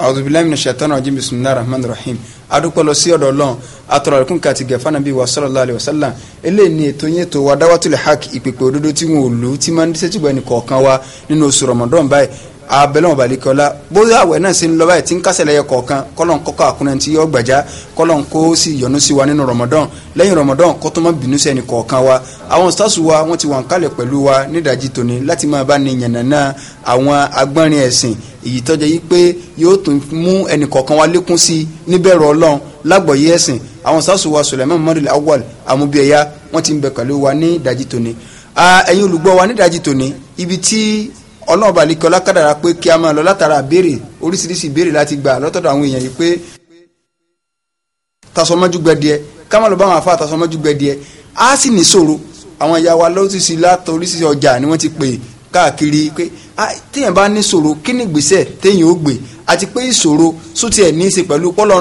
awudubilayi minna shaitan rajim bisimilayi rahman rahim adukọlọ sí ọ̀dọ̀ Ọlọ́run atọrọlẹkùn kàti gẹfà nàbí wa sallallahu alaihi wasallam eléyìí ni ètò yẹn tó wa dáwàtúlẹ hak ìpèpè òdodo tí wọn ò lù tí máa ń sẹtìgbà ẹnì kọ̀ọ̀kan wa nínú oṣù Ramadan báyìí abẹ́lẹ́wọ̀n balikọ́lá bóyá àwẹ̀ náà sì ń lọ báyìí tí ń kásẹ̀ lẹ́yẹ kọ̀ọ̀kan kọ́lọ́n kọ́kọ́ àkúnrẹ́ tí yọ gbàjá kọ́lọ́n kó sì yọ́nú sí wa nínú rọmọdán lẹ́yìn rọmọdán kó tó má bínú sí ẹnì kọ̀ọ̀kan wa àwọn sításù wa wọ́n ti wà ń kalẹ̀ pẹ̀lú wa nídàájí tòní láti máa bá ní yànnàná àwọn agbọ́nrin ẹ̀sìn èyí tọ́jà yìí pé yóò tún mú ẹnì kọ̀ọ̀kan wa lékún sí níbẹ̀rù ọlọ́run lágbọ̀ọ́yé ẹ̀sìn àwọn sításù wa Suleiman mọ́rìl awal amúbíẹ̀yà wọ́n ti ń bẹ pẹ̀lú wa ní ìdajì tòní ẹ̀yin olùgbọ́ wa ní ìdajì tòní ibi tí ọlọ́run bá lékè ọlákàdàrà pé kí a máa lọ látara béèrè oríṣiríṣi béèrè láti gbà lọ́tọ̀dọ̀ àwọn èèyàn yìí pé tasọmọ́jú gbẹdìẹ ká máa lọ bá àwọn afá tasọmọ́jú gbẹdìẹ á sì ní ṣòro àwọn ìyá wa lọ́sísí látọ̀ oríṣiríṣi ọjà ni wọ́n ti pè káàkiri pé téèyàn bá ní ṣòro kí ni ìgbésẹ̀ téèyàn ó gbé àti pé ìṣòro sóti ní í ṣe pẹ̀lú pọ́lọ́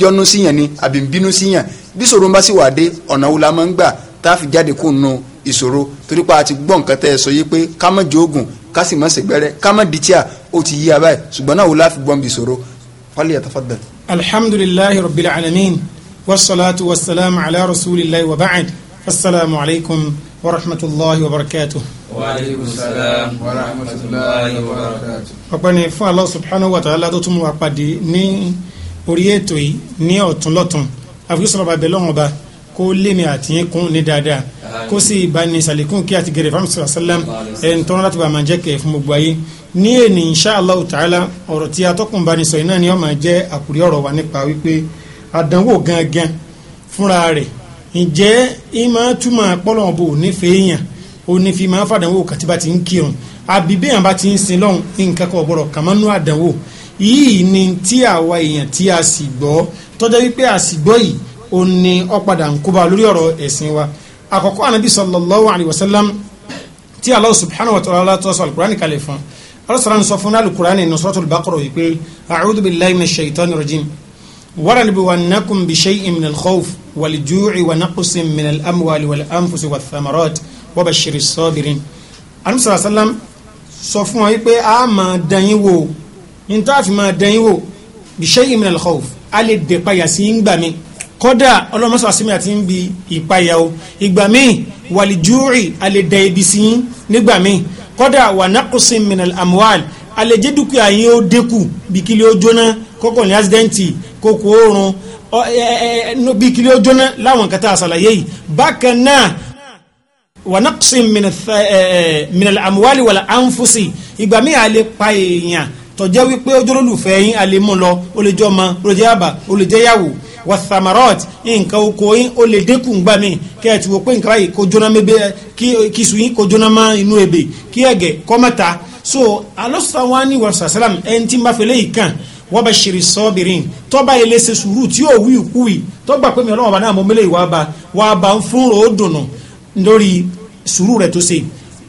jọ́nú síyàn ni àbí bínú síyàn bí ìṣòro bá sì wà dé ọ̀nà wo la máa ń gbà tá a fi jáde kó nu ìṣòro torí pa àti gbọ́ nǹkan tẹ́ ẹ sọ yìí pé ká má jogun ká sì má ṣègbẹ́rẹ́ ká má di tíà ó ti yí abáyé ṣùgbọ́n náà wò láfi gbọ́n bí ìṣòro fálíyà tafaddal. alhamdulilayi rabbil alamin wasalaatu wasalaamu ala rasulillahi wa ba'd asalaamu alaykum wa rahmatulahi wa barakatuh. wa aleykum salaam wa rahmatulahi wa barakatuh. ọ̀pẹ́ fún Allah subhanahu wa ta'ala tó tún wà pàdé ní orí ètò yìí ní ọ̀túnlọ́tún kó lémi àti kún ní dáadáa kó sì bá ní sàlékún kí àti gẹrẹ fáwọn sọlá sálám ẹn tọ́nà láti bá máa jẹ́ kẹ̀ fún gbogbo ayé ní èní insha Allah ta'ala ọ̀rọ̀ tí atọ́kùn bá ní sọ iná ni ó máa jẹ́ àkùrí ọ̀rọ̀ wa nípa wípé àdánwò gangan fúnra rẹ̀ ǹjẹ́ ìmọ̀ túmọ̀ pọ́lọ́mọbò nífẹ̀ẹ́ yàn ó ní fi máa fàdánwò kàtí bá ti ń kírun àbí bẹ́ẹ̀ bá ti ń sin lọ́hùn nǹkan kan ọ̀gbọ́rọ̀ kàmánú àdánwò yìí ni tí àwa èèyàn tí a sì gbọ́ tọ́jọ́ wípé àsìgbọ́ yìí òun ni ọ̀padà ń kóbá lórí ọ̀rọ̀ ẹ̀sìn wa àkọ́kọ́ anabi sallallahu alayhi wa sallam tí Allah subhanahu wa ta'ala tó sọ alukurani kalẹ̀ fún alasara nsọ fún alukurani ní suratul baqara yìí pé a'udhu billahi minash shaitanir rajim warabbiwannakum bishay'in minal khawf wal ju'i wa naqsin minal amwali wal anfusi wath thamarat wa bashiris sabirin anabi sallallahu alayhi wa sallam sọ fún wa yìí pé a máa dẹ̀yìn wò ní tá a fi máa dẹ̀yìn wò bishay'in minal khawf a lè dẹ̀payà sí ń gbà mí kódà ọlọ́mọsọ àsìmí àti ń bi ìpayà o ìgbà míì wàlìjúrì alẹ́ da ibi sí yín nígbà míì kódà wà nàkùsìn mìnà àmúhàl alẹ́ jẹ́ dúkìá yín ó dínkù bí kílí ó jóná kókò ní accidenti kókò oorun bí kílí ó jóná láwọn kata àṣàlàyé yìí bákan náà wà nàkùsìn mìnà àmúhàl wàlà ànfùsì ìgbà míì alẹ́ pa èèyàn tọ́jẹ́ wípé ojúlólùfẹ́ yín alẹ́ mú lọ ó lè jọ ọmọ ó lè jẹ́ àbá ó lè jẹ́ yàwó wàthamarot nǹkan oko yín ó lè dínkù ńgbà mí kí ẹ ti wò pé nǹkan ayé kó jóná mébé kí sùn yín kó jóná mọ́ inú ebè kí ẹ̀gẹ̀ kọ́mọ́ta so alọ́sàwání wàsàsàlám ẹni tí n bá fẹlẹ́ yìí kàn wọ́n bẹ ṣeré sọ́ọ́bìrín tọ́ba yẹn lè ṣe sùúrù tí yóò wí ìkú yìí tọ́gbà pé mi ọlọ́wọ́ bá náà mo mélé ìwà bá wà bá ń fún ròó dùnú lórí sùúrù rẹ̀ tó ṣe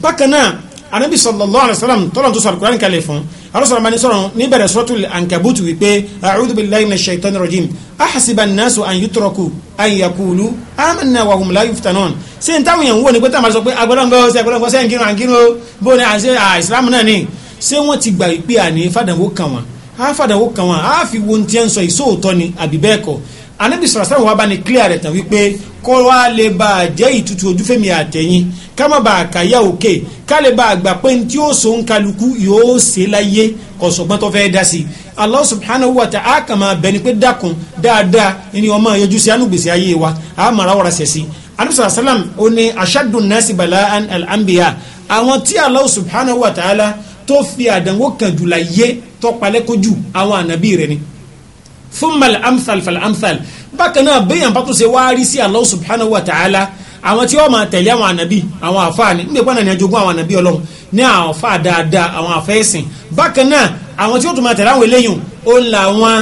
bákan náà anabi sallallahu alayhi wa sallam tọ́lọ̀ tó sọ̀rọ̀ kuran kalẹ̀ fún arúsọ̀rọ̀ mani sọ̀rọ̀ ní bẹ̀rẹ̀ suratul ankabut wípé a'udhu billahi minash shaitanir rajim ahasiba an-nasu an yutraku an yaqulu amanna wa hum la yuftanun ṣé n táwọn yẹn ń wò ní pé táwọn sọ pé agbọ́dọ̀ngbọ́ ṣe agbọ́dọ̀ngbọ́ ṣe nkírun ànkírun o bó ni àṣẹ àìsílámù náà ni ṣé wọ́n ti anabi sọ̀rọ̀ sáwọn wa bá ní clear rẹ̀ tán wípé kó wá lè bá a jẹ́ ìtutù ojú fẹ́mi àtẹ̀yìn ká má bàa kàyà òkè ká lè bá a gbà pé tí ó so ń yóò ṣe láyé kọ̀sọ̀gbọ́n tó fẹ́ dá sí Allah subhanahu wa ta'ala a kàn máa bẹ ni pé dákun dáadáa ni ọmọ yọjú sí anúgbèsè ayé wa a mara wọ́ra ṣẹ̀ anabi sọ̀rọ̀ sálàm ó ní ashaddu nasi bala'an alambiya anbiya àwọn tí Allah subhanahu wa ta'ala tó fi àdánwò kàn jù láyé tó palẹ́kọ́jù àwọn ànábì rẹ̀ ni thumma al-amthal fal-amthal bákan náà béèyàn bá tún ṣe wáárí sí Allah subhanahu wa ta'ala àwọn tí wọ́n máa tẹ̀lé àwọn ànàbí àwọn àfáà ní nígbà náà ní ajogún àwọn ànàbí ọlọ́run ní àwọn àfáà dáadáa àwọn àfẹ́sìn bákan náà àwọn tí wọ́n tún máa tẹ̀lé àwọn eléyìn ó ń la àwọn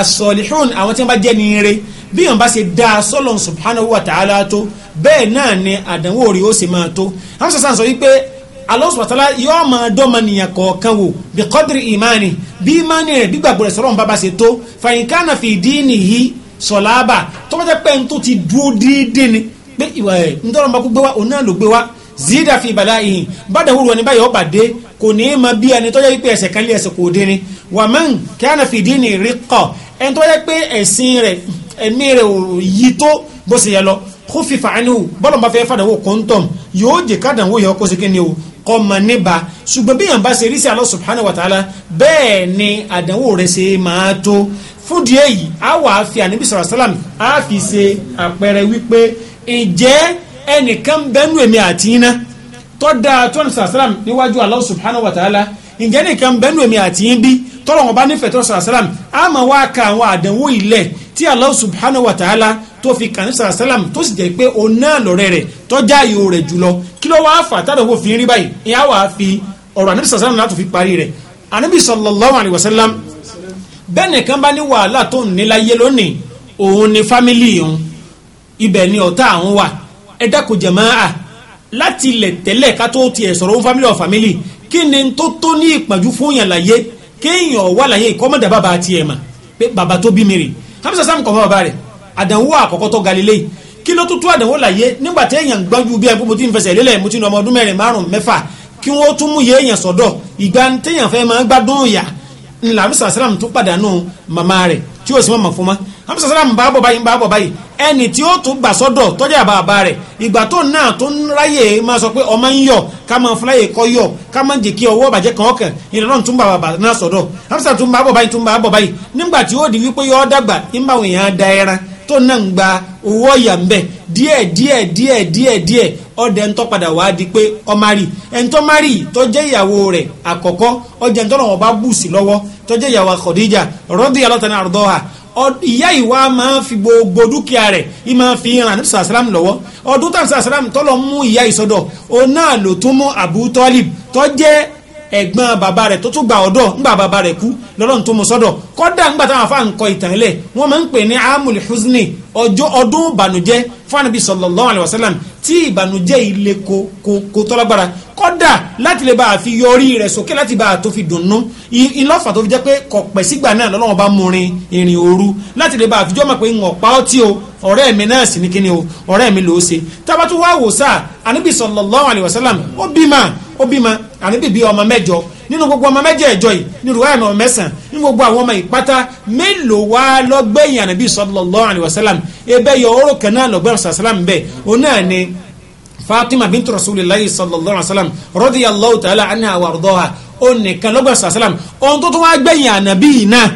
as-salihun àwọn tí wọ́n bá jẹ́ ní ire bá ṣe dá a subhanahu wa ta'ala tó bẹ́ẹ̀ náà ni àdánwò rí ó sì máa tó àwọn sọ̀sán wípé alọ́sọ̀tàlá yóò máa dọ́mọnìyàn kọ̀ọ̀kan wò bí kọ́dìrì ìmánì bi ìmánì rẹ̀ gbígbàgbọ́ rẹ̀ sọ̀rọ̀ ń bábà ṣe tó fàyínkáànà fi díìnì yìí sọ̀láàbà tó bá jẹ́ pé n tó ti dúró dídé ni pé ìwà ẹ̀ ń tọ́lọ́ máa kó gbé wá òun zida fi ìbàlá ìhìn bàdà wúru ẹni báyọ̀ bàdé kò ní í ma bí ẹni tọ́jà yìí pé ẹsẹ̀ kan lé ẹsẹ̀ kò ni wà mẹ́n kíánà fi díìnì rí kọ̀ ẹni tọ́jà pé ẹ̀sìn rẹ̀ ẹ̀mí rẹ̀ ò yí tó bó ṣe kó fìfà ánìwò bọ́lọ̀ bá fẹ́ fàdánwò kọ́ńtọ̀m yóò jẹ́ kádànwò yẹn kó segin ni o kọ́mọ níbà ṣùgbọ́n bí yàn ṣe rí sí Allah subhanahu wa ta'ala bẹ́ẹ̀ ni àdánwò rẹ̀ ṣe máa tó fúdi èyí a wàá fi ànábì sọ̀rọ̀ sálàm a fi ṣe àpẹẹrẹ wípé ǹjẹ́ ẹnìkan bẹ́nu èmi àti iná tọ́ da tọ́ni sọ̀rọ̀ sálàm níwájú Allah subhanahu wa ta'ala ǹjẹ́ nìkan bẹ́ẹ̀ nù èmi àti yín bí tọ́lọ̀ wọn bá nífẹ̀ẹ́ tó sàlám a máa wá ka àwọn àdánwò ilẹ̀ tí Allah subhanahu wa ta'ala tó fi kàn ní sàlám tó sì jẹ́ pé òun náà lọ́rẹ́ rẹ̀ tọ́jà ayò rẹ̀ jùlọ kí ló wáá fà tá àdánwò fi rí báyìí ìyá wàá fi ọ̀rọ̀ ànábì sàlám láti fi parí rẹ̀ ànábì sallallahu alayhi wa sallam ni fámìlì òun ibẹ̀ ni ọ̀tá àwọn wà ẹ dákun jàmáà láti ilẹ̀ tẹ́lẹ̀ ká tó tiẹ̀ sọ̀rọ̀ òun fámìlì ọ̀ fámìlì kí ni tó tó ní ìpàjú fún yàn láyé kéèyàn wà láyé ìkọ́mọ̀dà bàbá àti ẹ̀ mà pé bàbá tó bí mi rè hamza sam kọ̀ fún bàbá rẹ̀ àdánwò àkọ́kọ́ tó galilei kí ló tó tó àdánwò láyé nígbà téèyàn gbájú bí ẹgbẹ́ mo ti ń fẹsẹ̀ lélẹ̀ mo ti ń ọmọ ọdún mẹ́rin márùn mẹ́fà kí wọ́n tún mú yé èèyàn sọ́dọ̀ ìgbà téèyàn fẹ́ máa gbádùn ìyà ńlá hamza sam tó pàdánù màmá rẹ̀ tí yóò sì mọ̀mọ̀ fún ma hamsa salam bá bọ̀ báyìí bá bọ̀ báyìí ẹni tí ó tún gbà sọ́dọ̀ tọ́jà bàbá rẹ̀ ìgbà tó náà tó ń ráyè máa sọ pé ọmọ ń yọ ká máa fúláyè kọ́ yọ ká máa jẹ́ kí ọwọ́ bàjẹ́ kan ọkàn ìrànlọ́n tún bá bàbá náà sọ́dọ̀ hamsa tún bá bọ̀ báyìí tún bá bọ̀ báyìí nígbà tí ó di wípé yọ dàgbà ìmọ̀ àwọn èèyàn da ẹran tó náà ń gba owó ọ̀yà ń bẹ̀ díẹ̀ díẹ̀ díẹ̀ díẹ̀ díẹ̀ ọdẹ ńtọ́ padà wá di pé ọmárì ẹ̀ńtọ́ márì tó jẹ́ ìyàwó rẹ̀ àkọ́kọ́ ọjà ńtọ́ lọ́wọ́ bá bù sí lọ́wọ́ tó jẹ́ ìyàwó Khadija radiyallahu ta'ala ardaha ìyá ìwà máa fi gbogbo dúkìá rẹ̀ ì máa fi hàn ní sàsàlám lọ́wọ́ ọdún tàn sàsàlám tọ́lọ̀ mú ìyá ìsọdọ̀ òun ló tún mú Abu Talib tó jẹ́ ẹ̀gbọ́n bàbá rẹ̀ tó tún gbà ọ̀dọ̀ ńgbà bàbá rẹ̀ kú lọ́lọ́run tó mú sọ́dọ̀ kọ́dà ńgbà táwọn afa nkọ ìtàn lẹ̀ wọ́n máa ń pè ní amul husni ọjọ́ ọdún ìbànújẹ́ fún anabi sallallahu alayhi wa sallam tí ìbànújẹ́ ilé ko ko ko tọ́lágbára kọ́dà láti lè bá a fi yọrí rẹ̀ sókè láti bá a tó fi dùnnú ìlọ́fà tó fi jẹ́ pé kọ̀pẹ́ sígbà náà lọ́lọ́wọ́n bá mú rin ìrìn òru láti lè bá a fi jọ́ mọ̀ pé ń ọ̀pá ọtí o ọ̀rẹ́ mi náà sì ní kíni o ọ̀rẹ́ mi ló ṣe tábàtú wá wò sáà anabi sallallahu alayhi wa sallam ó bímọ ó bímọ anabi bí ọmọ mẹ́jọ nínú gbogbo ọmọ mẹ́jẹ̀ẹ̀jọ yìí ní rúwáyà náà mẹ́sàn ní gbogbo àwọn ọmọ ìpátá mélòó wá lọ́gbẹ̀yìn ànábì sallallahu alaihi wasallam ebe yọ ọ̀rọ̀ kan náà lọ́gbẹ̀rún sàlám bẹ́ẹ̀ òun náà ni Fatima bintu rasulillahi sallallahu alaihi wasallam radiyallahu ta'ala anha wa ardaha ó nìkan lọ́gbẹ̀rún sàlám ohun tó tún wá gbẹ̀yìn ànábì náà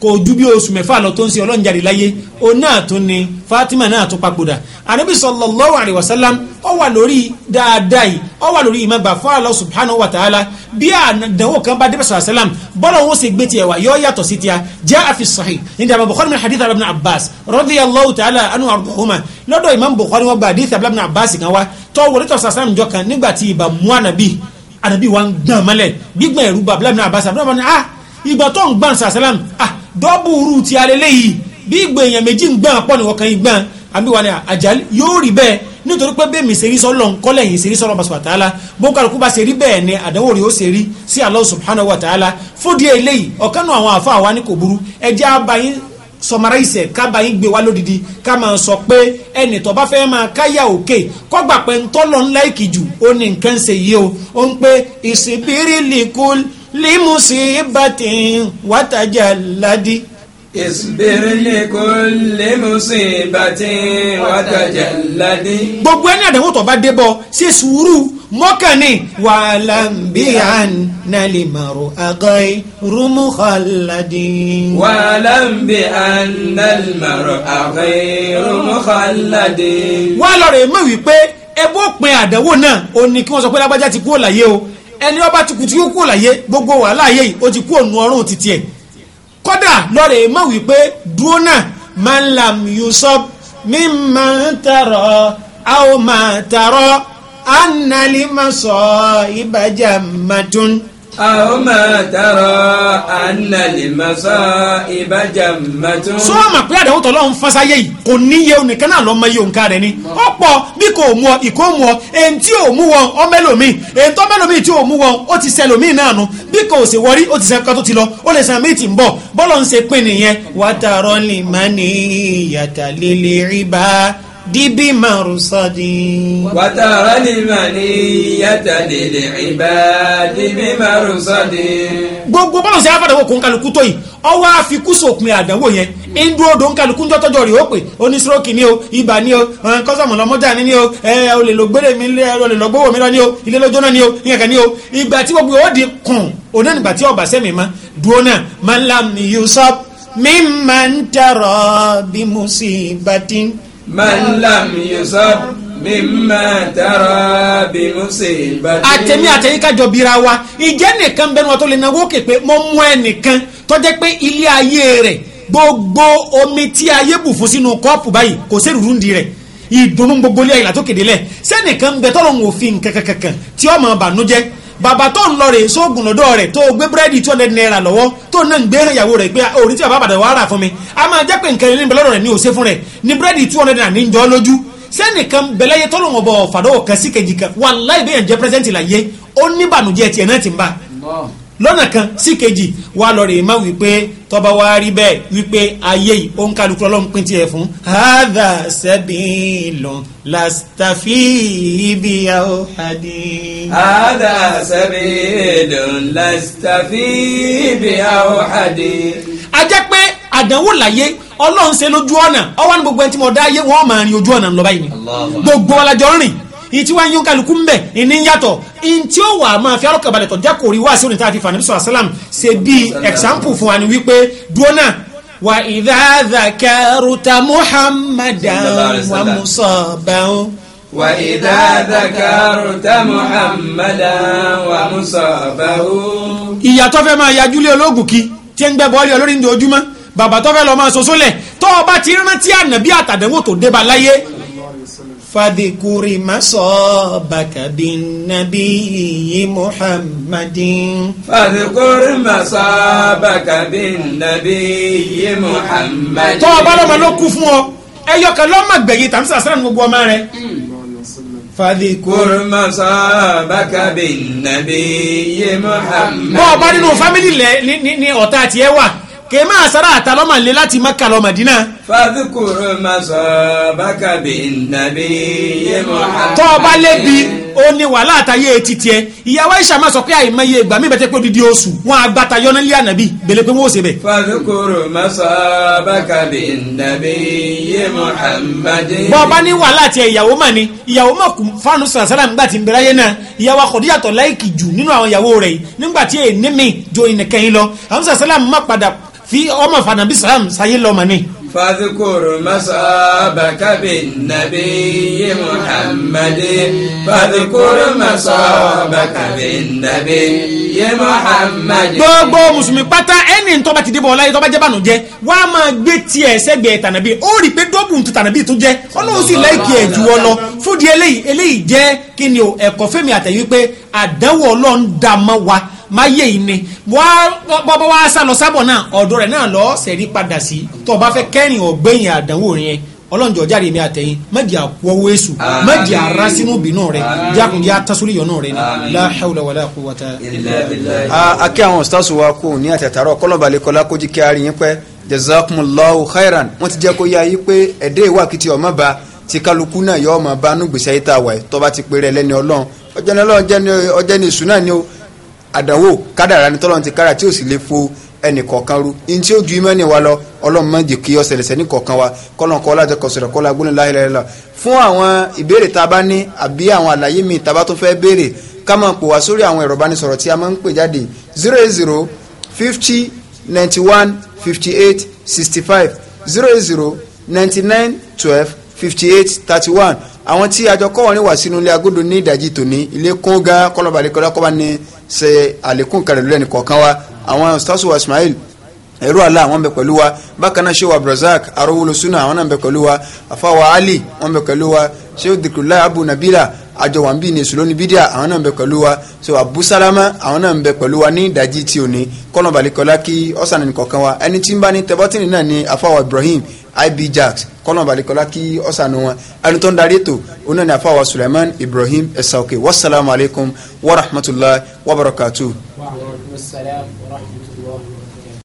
kò ju bí oṣù mẹ́fà lọ tó ń ṣe ọlọ́njáde láyé o náà tún ni Fatima náà tún papòdà anabi sallallahu alayhi wa sallam ọ wà lórí dáadáa yìí ọ wà lórí ìmọ̀gbà fún Allah subhanahu wa ta'ala bí àdánwò kan bá débẹ̀ sọ̀rọ̀ sálám bọ́lá wọn sì gbé tiẹ̀ wá yọ yàtọ̀ sí tiẹ̀ jaa fi sahih níta àbá Bukhari min hadith ibn Abbas radiyallahu ta'ala anu arduhuma lọ́dọ̀ Imam Bukhari wọn gba hadith ibn Abbas kan wá tọ́ wọlé tọ́ sọ̀rọ̀ sálám jọ kan nígbà tí ibà mú ànàbí ànàbí wa ń gbọ̀n mọ́lẹ̀ gbígbọ̀n ẹ̀rú bá abúlé Abbas abúlé ibn ah ìgbà tó ń gbọ̀n sọ̀rọ̀ ah dọ́bùrú ti alẹ́lẹ́ yìí bí ìgbà èèyàn méjì ń gbọ́n àpọ̀ nìkan yìí gbọ́n àbíwá ni àjà yóò rí bẹ́ẹ̀ nítorí pé bẹ́ẹ̀ mi ṣe rí sọ́lọ̀ nkọ́lẹ̀ yìí ṣe rí sọ́lọ̀ bàṣọ àtàlà bókàlùkù bá ṣe rí bẹ́ẹ̀ ni àdánwò rí ó ṣe rí sí Allah subhanahu wa ta'ala fún díẹ̀ eléyìí ọ̀kan náà àwọn àfa àwa ní kò burú ẹjẹ́ abayín sọmaráìsẹ̀ kábayín gbé wá lódìdí ká máa sọ pé ẹnì tó bá fẹ́ máa káyà òkè kọ́gbà pé ntọ́lọ́ ńlá ìkìjù ó ní nǹkan ṣe yìí o ó ń pé ìsìbírí lìkúl لمصيبة وتجلد اصبر لكل مصيبة وتجلد gbogbo ẹni àdánwò tó bá dé bọ ṣe sùúrù mọ́kànnì wàhálà bíyàn nàlè màrò àgọ́yé rúmù xaladì. wàhálà bíyàn nàlè màrò àgọ́yé rúmù xaladì. wọ́n lọ rẹ̀ mọ̀ wípé ẹ bó pin àdánwò náà ó ní kí wọ́n sọ pé lágbájá ti kú ọ̀la yé o ẹni ọba ti kù tí yóò kú láyé gbogbo wàhálà ayé yìí ó ti kú òun ọrùn títí ẹ̀ kódà lọ́rẹ̀ mọ̀ wípé dúró náà máa ń làm yusuf mi máa ń tẹ̀rọ a ó máa tẹ̀rọ annali masọ ìbàjẹ́ màdún àwọmọ tẹrọ ànàlìmọsọ ìbàjàmọtò. sọ ma pé àdéhùn tọ́lọ́ ń fasáyé yìí kò níye onìkan náà lọ́ọ́ mọ iye òǹkà rẹ̀ ni ọ̀pọ̀ bí kò mú ọ ìkó mú ọ èyí tí ò mú wọn ọ mẹ́lòmíì èyí tó mẹ́lòmíì tí ò mú wọn ó ti sẹlòmíì náà nu bí kò sì wọrí ó ti sẹ ká tó ti lọ ó lè san tì ń bọ̀ bọ́lọ̀ ń ṣe pín nìyẹn wàtàrọ́ lè má ní ìyàtà dibi marusadi. wàtàrà ni màní yàtàlẹ̀ lè ìbá dibi marusadi. gbogbo báwo ṣe á fàdánwò kó nkàlùkù tó yìí ọwọ́ àfikún sòpin àdánwò yẹn ndúró nkàlùkù ńjọ́tọ́jọ́ rè ó pè oníṣòrókì ni o ibà ni o kọ́sọ̀mù lọ́mọjà ni o ẹ olè lọ gbére mi lé olè lọ gbówó mi lọ ni o ilé lọ́jọ́ náà ni o ìyẹn kan ni o ìgbà tí gbogbo ó di kùn òní nígbà tí ọba sẹ́mi ma dúró náà máa ń làm ní yusuf mímà ń tẹ̀rọ bí mo sì bá ti ń man lam yusab mímà tara bí musibati. àtẹ̀mí àtẹ̀yìn kájọ bira wa ìjẹ́ nìkan bẹ́ẹ̀ ni wọ́n tó lè náwó képe mọ́ mú ẹ nìkan tọ́jẹ́ pé ilé ayé rẹ̀ gbogbo omi tí ayé bù fún sínú kọ́ọ̀pù báyìí kò sí rúndì rẹ̀ ìdùnnú gbogbo ilé ayé látó kéde lẹ̀ sẹ́nìkan bẹ́ẹ̀ tọ́lọ́ ń wò fi nǹkan tí ọmọ bànújẹ́ bàbá tó ń lọ rè sóògùn lọ́dọ̀ rẹ̀ tó gbé búrẹ́dì two hundred naira lọ́wọ́ tó náà ń gbé hàn ìyàwó rẹ̀ pé orí tí bàbá àbàdàn wàá fún mi a máa jẹ́ pé nǹkan ilé ìbẹ̀lọ́dọ̀ rẹ̀ ní òṣè fún rẹ̀ ní búrẹ́dì two hundred naira ní njọ́ lójú sẹ́nìkan bẹ̀lẹ́yẹ tọ́lọ́wọ̀n bọ̀ fàdọ́wọ̀ kan sí kejì kan wàláì bẹ́ẹ̀ jẹ́ pẹ́sẹ́ntì láyé ó ní tiẹ̀ náà ti ń bá lọ́nà kan sí kejì wà lọ́rẹ̀ má wípé tọ́ba wa rí bẹ́ẹ̀ wípé ayé yìí ó ń kálukú ọlọ́run pín tiẹ̀ fún. hadha sabilun lastafi ibi yao hadi. hadha sabilun lastafi ibi yao hadi. a jẹ́ pé àdánwò láyé ọlọ́run ṣe lójú ọ̀nà ọwọ́ ní gbogbo ẹni tí mo dá ayé wọ́n máa rin ojú ọ̀nà ńlọ báyìí gbogbo ọ̀làjọ́ rìn ìtí wá ń yún kálukú ń bẹ̀ ìní ń yàtọ̀ ìtí ó wà máa fi arọ́kàbalẹ̀ tọ̀ jẹ́ kò rí wá sí òní tá a fi fànàbí ṣe bí example fún wa ni wípé dúnà wà idha dhakaruta muhammadan wa musabahu. wà idha dhakaruta muhammadan wa musabahu. ìyàtọ̀ fẹ́ máa yájú lé ológun kí tí ń gbẹ bọ́ọ̀lì olórí ń dojúmọ́ bàbá tó fẹ́ lọ máa soso lẹ̀ tó o bá ti rántí ànàbí àtàdánwò tó dé ba láyé fadhikuri masabaka bin nabiyyi muhammadin. fadhikuri masabaka bin nabiyyi muhammadin. tọ́ ọba lọ́mọ ló kú fún ọ ẹyọ kan lọ́mọ gbẹ̀yìn tàbí sàṣẹ́ràn ní gbogbo ọmọ rẹ. fadhikuri masabaka bin nabiyyi muhammadin. bọ́ọ̀ bá nínú fámìlì lẹ ní ọ̀tá tiẹ̀ wà kèé máa sára àtàlọ́mọ̀lé láti maka lọ Madina. fàdúkùrú masọ bákàbí nàbí yé Muhammad. tọ́ ọba lébi ó ní wàhálà àtàyè títí ẹ ìyàwó Aisha máa sọ pé àìmọye ìgbà mi bẹ́tẹ̀ pé odidi oṣù wọn agbata yọnilé ànàbí bẹ̀lẹ̀ pé wọ́n ò ṣe bẹ̀. fàdúkùrú masọ bákàbí nàbí yé Muhammad. bọ́ ọba ní wàhálà àti ìyàwó mà ní ìyàwó mà kún fáànù sàrànsàrà nígbà tí ń bẹ̀rẹ̀ ayé náà ìyàwó akọ̀díyàtọ̀ láìkì jù nínú àwọn fi ọmọ fanabi sàlám sayé lọ́mọ ni. fadukuru masaba kabi nabi muhammadi fadukuru masaba kabi nabi muhammadi. gbogbo mùsùlùmí pátá ẹni tó bá ti di bọ̀ ọláyé tó bá jẹ́ bánu jẹ́ wà á máa gbé tiẹ̀ sẹ́gbẹ̀ẹ́ tànàbí ó rí i pé dọ́bùn tó tànàbí tó jẹ́ ọlọ́run sì láìkí ẹ̀ ju ọ lọ fúdi eléyìí eléyìí jẹ́ kí o ẹ̀kọ́ fẹ́mi àtẹ̀yí pé àdánwò wa máyé yìí ni bọ́bọ́ wá sá lọ sábọ̀ náà ọ̀dọ̀ rẹ̀ náà lọ sẹ̀rí padà sí tó o bá fẹ́ kẹ́rin ọ̀gbẹ́yìn àdánwò yẹn ọlọ́njọ́ jáde mi àtẹ̀yìn mẹ́jì àkúọ́wọ́ èṣù mẹ́jì ara sínú bínú rẹ̀ jákun yá tasúlì yọ̀nà rẹ̀ ni la hawla wala quwwata. akẹ́ àwọn ọ̀sítàṣù wa kò ní àtẹ̀tàrọ̀ kọ́lọ̀balẹ̀ kọlá kó jí kí a rí yín pẹ́ jazakumullahu khairan wọ́n ti jẹ́ kó yá yí pé ẹ̀dẹ́ ìwà kìtì ọ̀mọ́ ba ti kálukú náà yọ ọmọ bá nùgbèsè ayé tá a wà tó bá ti pèrè lẹ́ni ọlọ́run ọjọ́ ni ọlọ́run ọjọ́ ni ìṣúná ni o àdánwò kádàrá ni tọ́lọ́run ti kára tí ò sì lè fo ẹnì kọ̀ọ̀kan ru ní tí ó ju ìmọ̀ ni wa lọ ọlọ́run má jẹ́ kí ọ̀sẹ̀lẹ̀sẹ̀ ní kọ̀ọ̀kan wa kọ́lọ́n kọ́ lájọ kọ̀sọ̀rọ̀ kọ́lá gbóni láhìláhìlá fún àwọn ìbéèrè tá a bá ní àbí àwọn àlàyé mi tá a bá tó fẹ́ béèrè ká máa pò wá sórí àwọn ẹ̀rọ ìbánisọ̀rọ̀ tí a máa ń pè jáde zero eight zero fifty ninety one fifty eight sixty five zero eight zero ninety nine twelve fifty eight thirty one àwọn tí àjọ kọ́wọ́rin wà sínú ilé agodo ní ìdajì tòní ilé kún gan kọ́lọ́ba àdékọ́lá kọ́ba ní ṣe àlékún kẹrẹ̀ lórí ẹnì kọ̀ọ̀kan wa àwọn ustaz wa Ismail ẹ̀rọ àlá àwọn bẹ̀ pẹ̀lú wa bákan náà Shehu Abdulrasaq arówólosúnà àwọn náà bẹ̀ pẹ̀lú wa àfàwà Ali wọn bẹ̀ pẹ̀lú wa Shehu Dhikrullah Abu Nabila àjọ wà ń bí ní sùlónì bídíà àwọn náà ń bẹ pẹ̀lú wa so Abu Salama àwọn náà ń bẹ pẹ̀lú wa ní ìdajì tí ò ní kọ́nà kí ọ̀sán ní kọ̀ọ̀kan wa ẹni tí ń bá ní tẹ́bọ́tìnì náà ní afáwọ̀ Ibrahim ib jacks kọ́nà balẹ̀kọ́lá kí ọ̀sán wọn ẹni tó ń darí ètò òun náà ní afáwọ̀ Suleiman Ibrahim Esaoke wasalaamualeykum wa rahmatulah wa